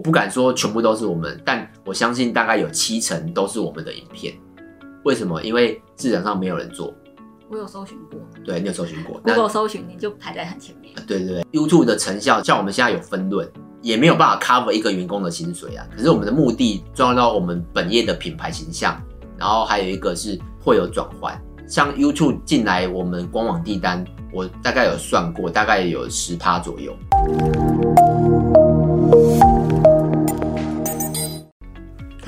我不敢說全部都是我們，但我相信大概有七成都是我們的影片。為什麼？因為市場上沒有人做。我有搜尋過。對，你有搜尋過。Google 搜尋，你就排在很前面。對對對，YouTube 的成效，像我們現在有分潤，也沒有辦法 cover 一個員工的薪水啊。可是我們的目的，重要到我們本業的品牌形象，然後還有一個是會有轉換。像 YouTube 進來我們官網訂單，我大概有算過，大概有十趴左右。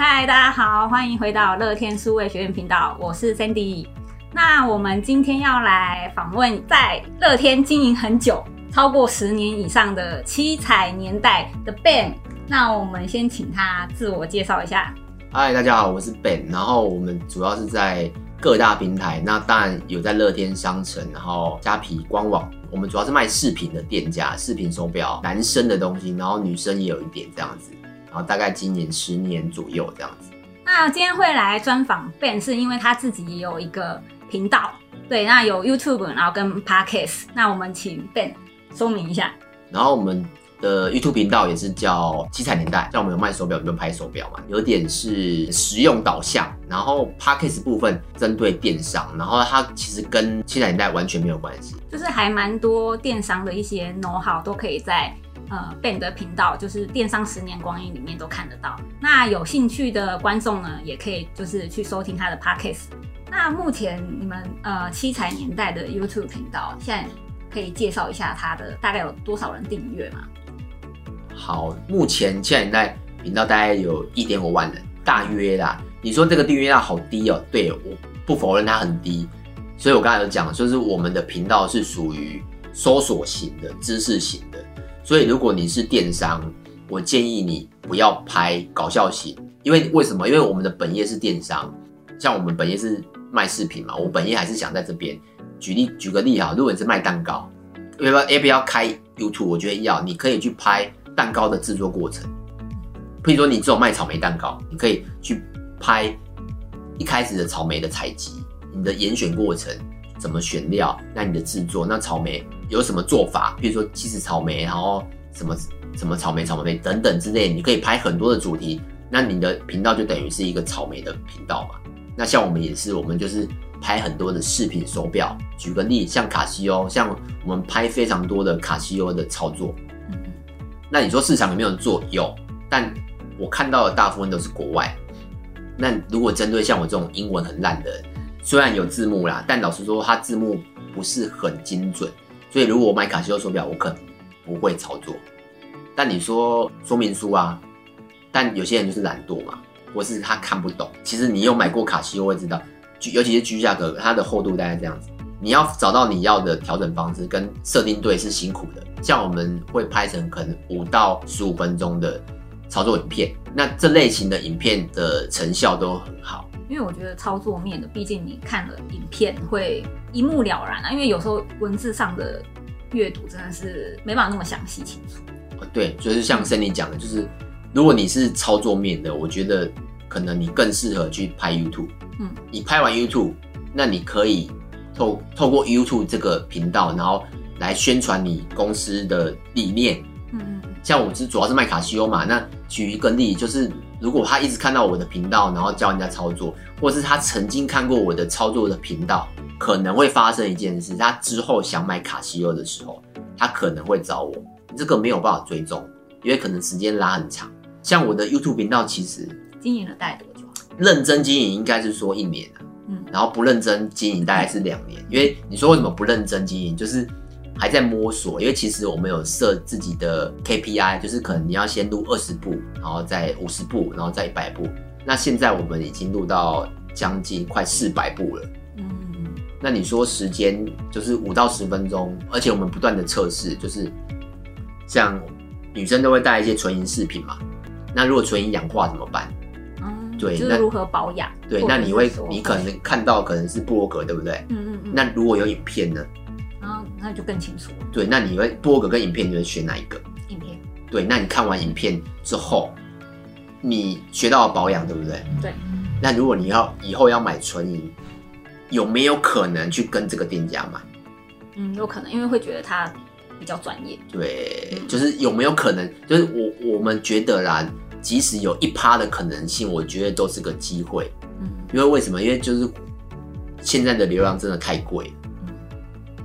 嗨，Hi, 大家好，歡迎回到樂天數位學院頻道，我是 Sandy。那我們今天要來訪問在樂天經營很久，超過十年以上的柒彩年代的 Ben。那我們先請他自我介紹一下。嗨，大家好，我是 Ben。然後我們主要是在各大平台，那當然有在樂天商城，然後蝦皮官網，我們主要是賣飾品的店家，飾品手錶，男生的東西，然後女生也有一點這樣子。然後大概今年十年左右這樣子。那今天會來專訪 Ben，是因為他自己也有一個頻道，對，那有 YouTube，然後跟 Parkes，那我們請 Ben 說明一下。然後我們的 YouTube 頻道也是叫七彩年代，像我們有賣手表，有沒有拍手表嘛？有點是實用導向。然後 Parkes 部分針對電商，然後它其實跟七彩年代完全沒有關係，就是還蠻多電商的一些 No 好都可以在。呃 Band 的頻道就是《電商十年光陰》裡面都看得到。那有興趣的觀眾呢，也可以就是去收聽他的 Podcast。那目前你們呃七彩年代的 YouTube 頻道，現在可以介紹一下它的大概有多少人訂閱嗎？好，目前七彩年代頻道大概有一點五萬人，大約啦。你說這個訂閱量好低哦、喔？對，我不否認它很低。所以我剛才有講，就是我們的頻道是屬於搜索型的知識型的。所以，如果你是電商，我建議你不要拍搞笑型，因為為什麼？因為我們的本業是電商，像我們本業是賣飾品嘛。我本業還是想在這邊舉例舉個例啊。如果你是賣蛋糕，要不要要不要開 YouTube？我覺得要，你可以去拍蛋糕的製作過程。譬如說，你只有賣草莓蛋糕，你可以去拍一開始的草莓的採集，你的嚴選過程，怎麼選料，那你的製作，那草莓。有什麼做法？譬如說，其實草莓，然後什麼什麼草莓，草莓等等之類，你可以拍很多的主題。那你的頻道就等於是一個草莓的頻道嘛？那像我們也是，我們就是拍很多的飾品、手錶。舉個例，像卡西歐，像我們拍非常多的卡西歐的操作。嗯、那你說市場有沒有做？有，但我看到的大部分都是國外。那如果針對像我這種英文很爛的，雖然有字幕啦，但老實說，它字幕不是很精準。所以，如果我買卡西歐手錶，我可能不會操作。但你說說明書啊，但有些人就是懶惰嘛，或是他看不懂。其實你有買過卡西歐會知道，尤其是 G-Shock，它的厚度大概這樣子。你要找到你要的調整方式跟設定對是辛苦的。像我們會拍成可能五到十五分鐘的操作影片，那這類型的影片的成效都很好。因為我覺得操作面的，畢竟你看了影片會一目了然啊。因為有時候文字上的閱讀真的是沒辦法那麼詳細清楚。對，就是像 Sunny 講的，就是如果你是操作面的，我覺得可能你更適合去拍 YouTube。嗯。你拍完 YouTube，那你可以透透過 YouTube 這個頻道，然後來宣傳你公司的理念。嗯，嗯。像我是主要是賣卡西歐嘛，那舉一個例就是。如果他一直看到我的頻道，然後教人家操作，或是他曾經看過我的操作的頻道，可能會發生一件事：他之後想買卡西歐的時候，他可能會找我。這個沒有辦法追蹤，因為可能時間拉很長。像我的 YouTube 頻道，其實經營了大概多久？認真經營應該是說一年、啊、嗯，然後不認真經營大概是兩年。因為你說為什麼不認真經營，就是。還在摸索，因為其實我們有設自己的 KPI，就是可能你要先錄二十部，然後再五十部，然後再一百部。那現在我們已經錄到將近快四百部了。嗯，嗯，那你說時間就是五到十分鐘，而且我們不斷的測試，就是像女生都會帶一些純銀飾品嘛，那如果純銀氧化怎麼辦？嗯，對，就是那如何保養？對，那你會、嗯、你可能看到可能是部落格，對不對？嗯嗯嗯。那如果有影片呢？那就更清楚了。對，那你會播個跟影片，你會選哪一個？影片。對，那你看完影片之後，你學到了保養，對不對？對。那如果你要以後要買純銀，有沒有可能去跟這個店家買？嗯，有可能，因為會覺得他比較專業。對，嗯、就是有沒有可能？就是我我們覺得啦，即使有一趴的可能性，我覺得都是個機會。嗯。因為為什麼？因為就是現在的流量真的太貴，嗯、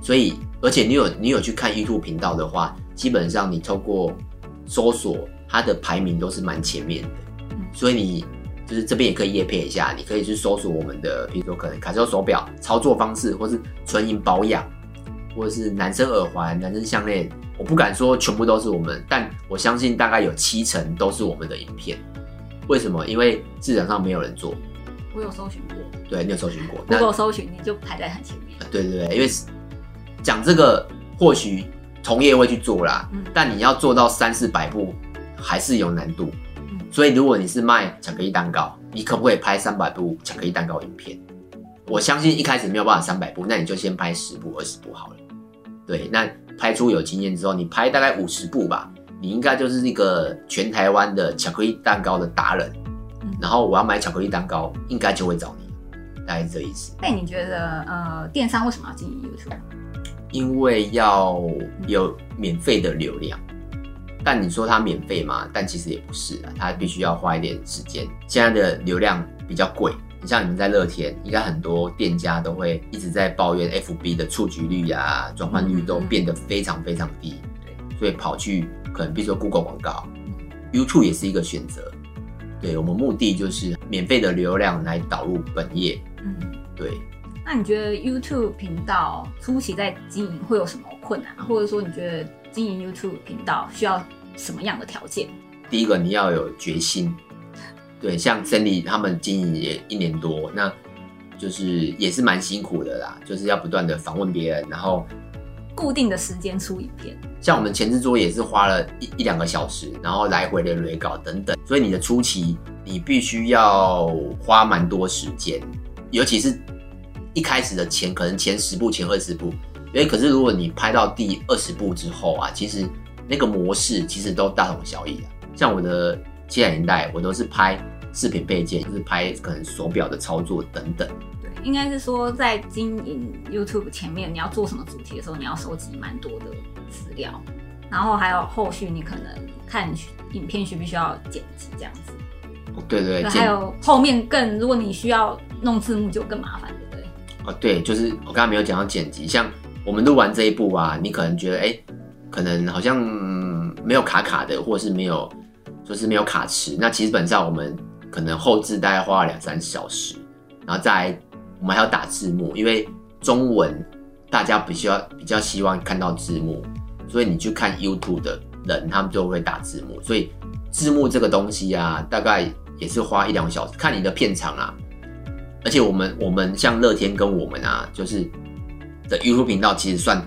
所以。而且你有你有去看 YouTube 頻道的話，基本上你透過搜索，它的排名都是蠻前面的，嗯、所以你就是這邊也可以業配一下，你可以去搜索我們的，比如說可能卡西歐手表操作方式，或是純銀保養，嗯、或者是男生耳環、男生項鏈我不敢說全部都是我們，但我相信大概有七成都是我們的影片。為什麼？因為市場上沒有人做。我有搜尋過。對，你有搜尋過。如果搜尋你就排在很前面。對對對，因為。講這個，或許同業會去做啦，嗯、但你要做到三四百部還是有難度。嗯、所以如果你是賣巧克力蛋糕，你可不可以拍三百部巧克力蛋糕影片？我相信一開始沒有辦法三百部，那你就先拍十部、二十部好了。對，那拍出有經驗之後，你拍大概五十部吧，你應該就是那個全台灣的巧克力蛋糕的達人。嗯、然後我要買巧克力蛋糕，應該就會找你，大概是這意思。那你覺得呃，電商為什麼要經營 YouTube？因為要有免費的流量，但你說它免費嗎？但其實也不是啊，它必須要花一點時間。現在的流量比較貴，你像你們在樂天，應該很多店家都會一直在抱怨 FB 的觸及率啊、轉換率都變得非常非常低，對，所以跑去可能比如說 Google 廣告、YouTube 也是一個選擇。對，我們目的就是免費的流量來導入本業，嗯，對。那你覺得 YouTube 頻道初期在經營會有什麼困難，啊、或者說你覺得經營 YouTube 頻道需要什麼樣的條件？第一個你要有決心，對，像珍妮他們經營也一年多，那就是也是蠻辛苦的啦，就是要不斷的訪問別人，然後固定的時間出影片。像我們前製作也是花了一一兩個小時，然後來回的累稿等等，所以你的初期你必須要花蠻多時間，尤其是。一開始的前可能前十部，前二十部，因為可是如果你拍到第二十部之後啊，其實那個模式其實都大同小異的啊。像我的柒彩年代，我都是拍視頻配件，就是拍可能手表的操作等等。對，應該是說在經營 YouTube 前面，你要做什麼主題的時候，你要收集蠻多的資料，然後還有後續你可能看影片需不需要剪輯這樣子。對，對對，還有後面更，如果你需要弄字幕，就更麻煩了。對，就是我剛才沒有講到剪輯，像我們錄完這一部啊，你可能覺得哎，可能好像沒有卡卡的，或是沒有，就是沒有卡池。那其實本上我們可能後製大概花了兩三小時，然後再來我們還要打字幕，因為中文大家比較比較希望看到字幕，所以你去看 YouTube 的人，他們都會打字幕，所以字幕這個東西啊，大概也是花一兩小時，看你的片長啊。而且我們我們像樂天跟我們啊，就是的 YouTube 頻道其實算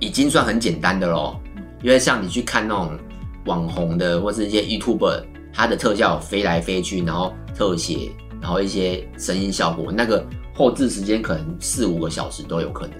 已經算很簡單的嘍。因為像你去看那種網紅的或是一些 YouTuber，他的特效有飛來飛去，然後特寫，然後一些聲音效果，那個後製時間可能四五個小時都有可能。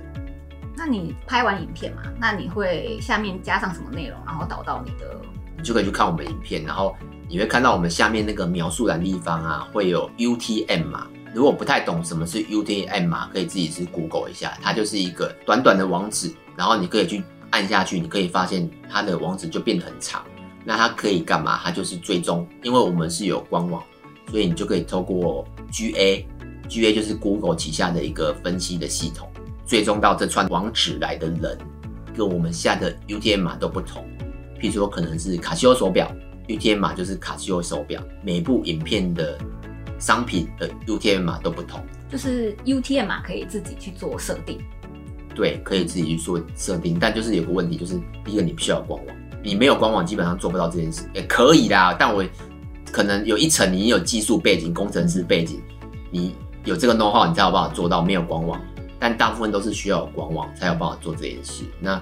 那你拍完影片嘛，那你會下面加上什麼內容？然後導到你的，你就可以去看我們影片，然後你會看到我們下面那個描述欄的地方啊，會有 UTM 嘛。如果不太懂什麼是 U T M 碼，可以自己去 Google 一下。它就是一個短短的網址，然後你可以去按下去，你可以發現它的網址就變得很長。那它可以幹嘛？它就是追蹤，因為我們是有官網，所以你就可以透過 G A，G A 就是 Google 旗下的一個分析的系統，追蹤到這串網址來的人，跟我們下的 U T M 碼都不同。譬如說，可能是卡西歐手表，U T M 碼就是卡西歐手表每部影片的。商品的、呃、U T M 碼都不同，就是 U T M 碼可以自己去做設定，對，可以自己去做設定。但就是有個問題，就是第一個你必須要有官網，你沒有官網基本上做不到這件事。也、欸、可以啦，但我可能有一層你有技術背景、工程師背景，你有這個 know how，你才有辦法做到。沒有官網，但大部分都是需要有官網才有辦法做這件事。那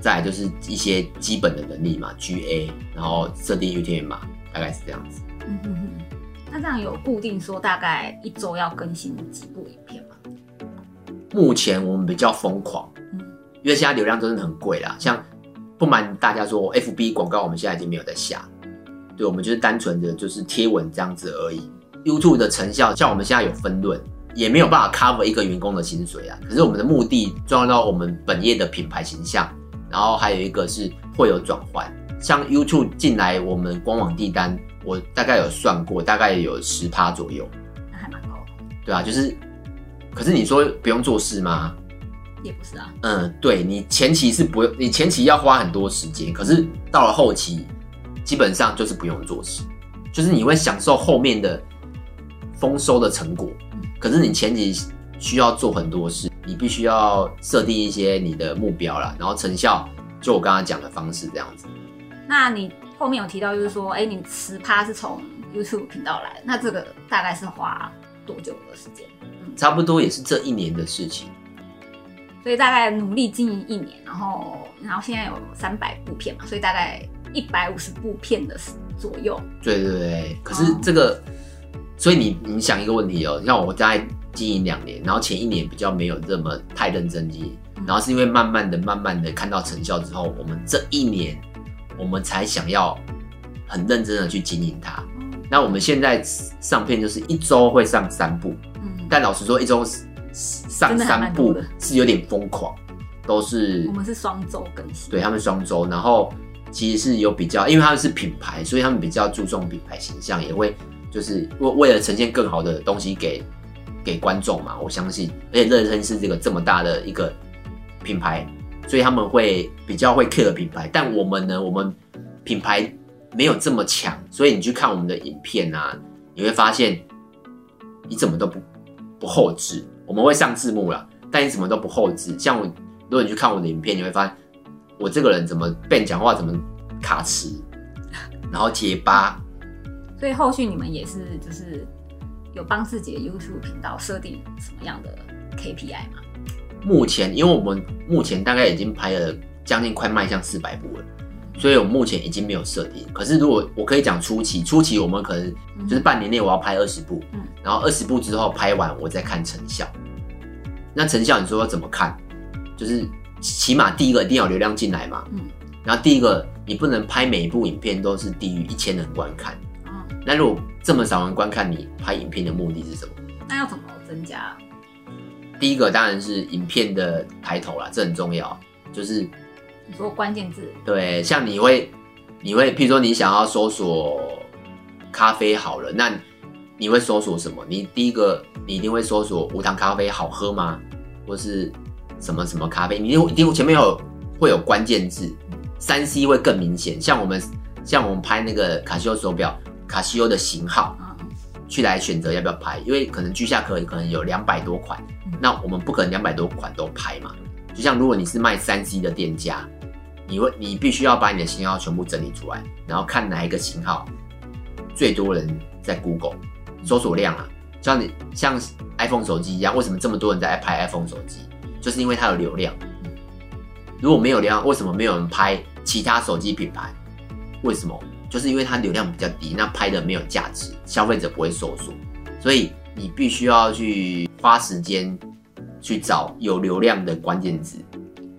再來就是一些基本的能力嘛，G A，然後設定 U T M 碼，大概是這樣子。嗯嗯這樣有固定說大概一周要更新幾部影片嗎？目前我們比較瘋狂，嗯，因為現在流量真的很貴啦。像不瞞大家說，FB 廣告我們現在已經沒有在下，對，我們就是單純的就是貼文這樣子而已。YouTube 的成效，像我們現在有分論，也沒有辦法 cover 一個員工的薪水啊。可是我們的目的，要到我們本業的品牌形象，然後還有一個是會有轉換。像 YouTube 進來我們官網地單。我大概有算過，大概有十趴左右，那還蠻高的。對啊，就是，可是你說不用做事嗎？也不是啊。嗯，對你前期是不用，你前期要花很多時間，可是到了後期，基本上就是不用做事，就是你會享受後面的豐收的成果。嗯。可是你前期需要做很多事，你必須要設定一些你的目標啦，然後成效就我剛剛講的方式這樣子。那你。後面有提到，就是說，哎、欸，你十趴是從 YouTube 頻道來，那這個大概是花多久的時間？差不多也是這一年的事情。所以大概努力經營一年，然後，然後現在有三百部片嘛，所以大概一百五十部片的時左右。對對對，可是這個，嗯、所以你你想一個問題哦、喔，像我大概經營兩年，然後前一年比較沒有這麼太認真經營，然後是因為慢慢的、慢慢的看到成效之後，我們這一年。我們才想要很認真的去經營它。那我們現在上片就是一周會上三部，嗯、但老實說一周上三部是有點瘋狂，都是我們是雙周更新，對他們雙周，然後其實是有比較，因為他們是品牌，所以他們比較注重品牌形象，也會就是為為了呈現更好的東西給給觀眾嘛。我相信，而且樂天是這個這麼大的一個品牌。所以他們會比較會 care 品牌，但我們呢，我們品牌沒有這麼強。所以你去看我們的影片啊，你會發現你怎麼都不不後製，我們會上字幕啦，但你怎麼都不後製。像我，如果你去看我的影片，你會發現我這個人怎麼被人講話怎麼卡詞，然後結巴。所以後續你們也是就是有幫自己的 YouTube 頻道設定什麼樣的 KPI 嗎？目前，因為我們目前大概已經拍了將近快邁向四百部了，所以我目前已經沒有設定。可是，如果我可以講初期，初期我們可能就是半年內我要拍二十部，嗯，然後二十部之後拍完我再看成效。那成效你說要怎麼看？就是起碼第一個一定要流量進來嘛，嗯，然後第一個你不能拍每一部影片都是低於一千人觀看，嗯，那如果這麼少人觀看，你拍影片的目的是什麼？那要怎麼增加？第一個當然是影片的抬頭啦，這很重要。就是你說關鍵字，對，像你會你會，譬如說你想要搜索咖啡好了，那你，你會搜索什麼？你第一個你一定會搜索無糖咖啡好喝嗎？或是什麼什麼咖啡？你一定前面有會有關鍵字，三 C 會更明顯。像我們像我們拍那個卡西歐手表，卡西歐的型號，嗯、去來選擇要不要拍，因為可能居下課可能有兩百多款。那我們不可能兩百多款都拍嘛，就像如果你是賣三 C 的店家，你會你必須要把你的型號全部整理出來，然後看哪一個型號最多人在 Google 搜索量啊。像你像 iPhone 手機一樣，為什麼這麼多人在拍 iPhone 手機？就是因為它有流量。嗯。如果沒有流量，為什麼沒有人拍其他手機品牌？為什麼？就是因為它流量比較低，那拍的沒有價值，消費者不會搜索，所以。你必須要去花時間去找有流量的關鍵字。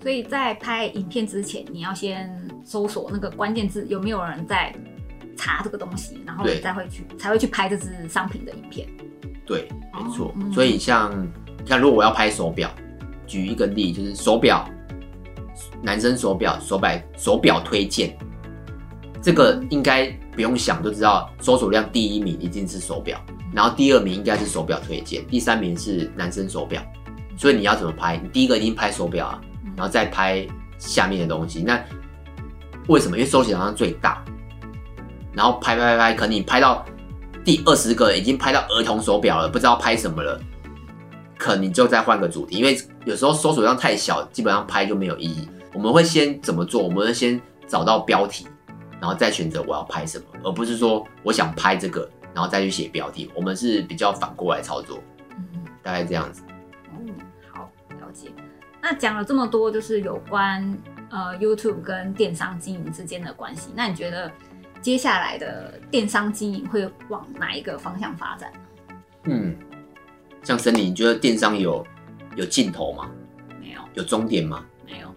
所以在拍影片之前，你要先搜索那個關鍵字有沒有人在查這個東西，然後你才會去對才會去拍這支商品的影片。對，沒錯。哦、所以像你看，嗯、像如果我要拍手錶，舉一個例，就是手錶，男生手錶，手錶手錶推薦，這個應該不用想就知道搜索量第一名一定是手錶。然後第二名應該是手錶推薦，第三名是男生手錶，所以你要怎麼拍？你第一個已經拍手錶啊，然後再拍下面的東西。那為什麼？因為搜索量最大。然後拍拍拍，可能你拍到第二十個已經拍到兒童手錶了，不知道拍什麼了，可能你就再換個主題。因為有時候搜索量太小，基本上拍就沒有意義。我們會先怎麼做？我們會先找到標題，然後再選擇我要拍什麼，而不是說我想拍這個。然後再去寫標題，我們是比較反過來操作，嗯哼，大概這樣子，嗯，好，了解。那講了這麼多，就是有關呃 YouTube 跟電商經營之間的關係。那你覺得接下來的電商經營會往哪一個方向發展？嗯，像森林，你覺得電商有有盡頭嗎？沒有，有終點嗎？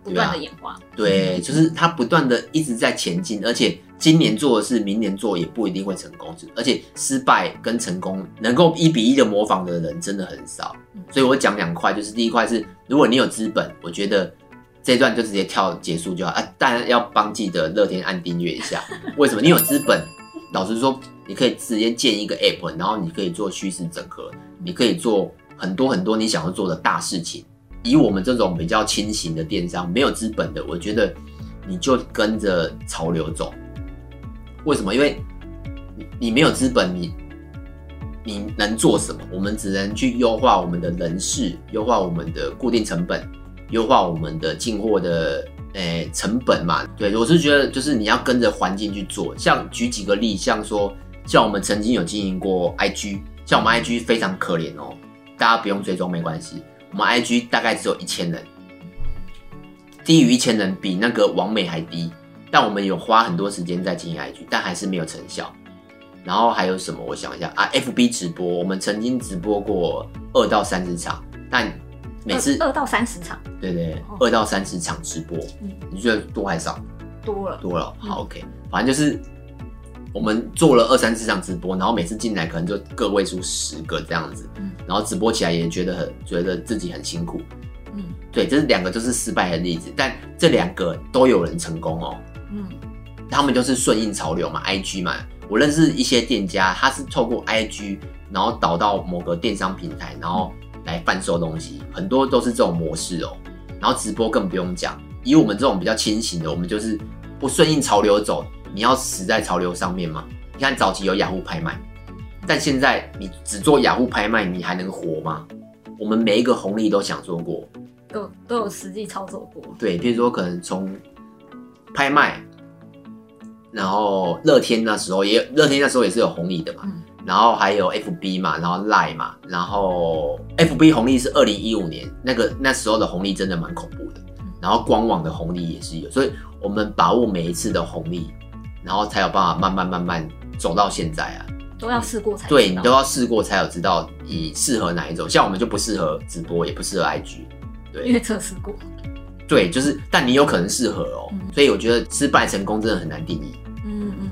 不斷的眼光，對、啊，就是他不斷的一直在前進，而且今年做的事，明年做也不一定會成功，而且失敗跟成功能夠一比一的模仿的人真的很少，所以我講兩塊，就是第一塊是如果你有資本，我覺得這一段就直接跳結束就好啊，大家要幫記得樂天按訂閱一下。為什麼？你有資本，老實說，你可以直接建一個 app，然後你可以做趨勢整合，你可以做很多很多你想要做的大事情。以我們這種比較輕型的電商，沒有資本的，我覺得你就跟着潮流走。為什麼？因為你你沒有資本，你你能做什麼？我們只能去優化我們的人事，優化我們的固定成本，優化我們的進貨的，誒，成本嘛。對，我是覺得，就是你要跟着環境去做。像舉幾個例，像說，像我們曾經有經營過 IG，像我們 IG 非常可憐哦，大家不用追蹤，沒關係。我們 IG 大概只有一千人，低於一千人比比那個網美還低。但我們有花很多時間在經營 IG，但還是沒有成效。然後還有什麼？我想一下啊，FB 直播，我們曾經直播過二到三十場，但每次二,二到三十場，對，對對，哦、二到三十場直播，嗯、你覺得多還少？多了，多了。好、嗯、OK，反正就是。我們做了二三次場直播，然後每次進來可能就個位數十個這樣子，嗯，然後直播起來也覺得很，覺得自己很辛苦，嗯，對，這兩個都是失敗的例子，但這兩個都有人成功哦，嗯，他們就是順應潮流嘛，IG 嘛，我認識一些店家，他是透過 IG 然後導到某個電商平台，然後來販售東西，很多都是這種模式哦，然後直播更不用講，以我們這種比較清醒的，我們就是不順應潮流走。你要死在潮流上面嗎？你看早期有雅虎拍賣，但現在你只做雅虎拍賣，你還能活嗎？我們每一個紅利都想做過，都都有實際操作過。對，比如說可能從拍賣，然後樂天那時候也樂天那時候也是有紅利的嘛，嗯、然後還有 FB 嘛，然後 Line 嘛，然後 FB 紅利是二零一五年那個那時候的紅利真的蠻恐怖的，然後官網的紅利也是有，所以我們把握每一次的紅利。然後才有辦法慢慢慢慢走到現在啊，都要試過才知道對，你都要試過才有知道你適合哪一種，像我們就不適合直播，也不適合 IG，對，因為測試過，對，就是，但你有可能適合哦，嗯、所以我覺得失敗成功真的很難定義。嗯嗯，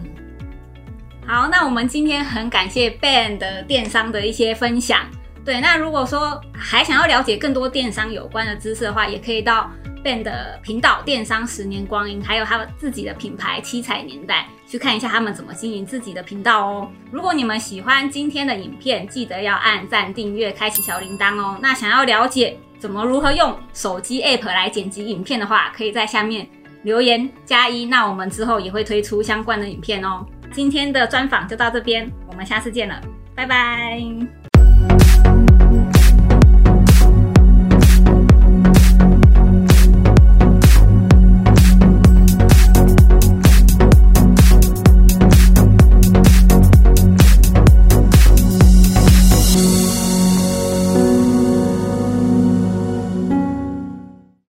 好，那我們今天很感謝 Ben 的電商的一些分享，對，那如果說還想要了解更多電商有關的知識的話，也可以到。Ben 的頻道電商十年光陰，還有他們自己的品牌柒彩年代，去看一下他們怎麼經營自己的頻道哦。如果你們喜歡今天的影片，記得要按讚、訂閱、開啟小鈴鐺哦。那想要了解怎麼如何用手機 app 來剪輯影片的話，可以在下面留言加一。那我們之後也會推出相關的影片哦。今天的專訪就到這邊，我們下次見了，拜拜。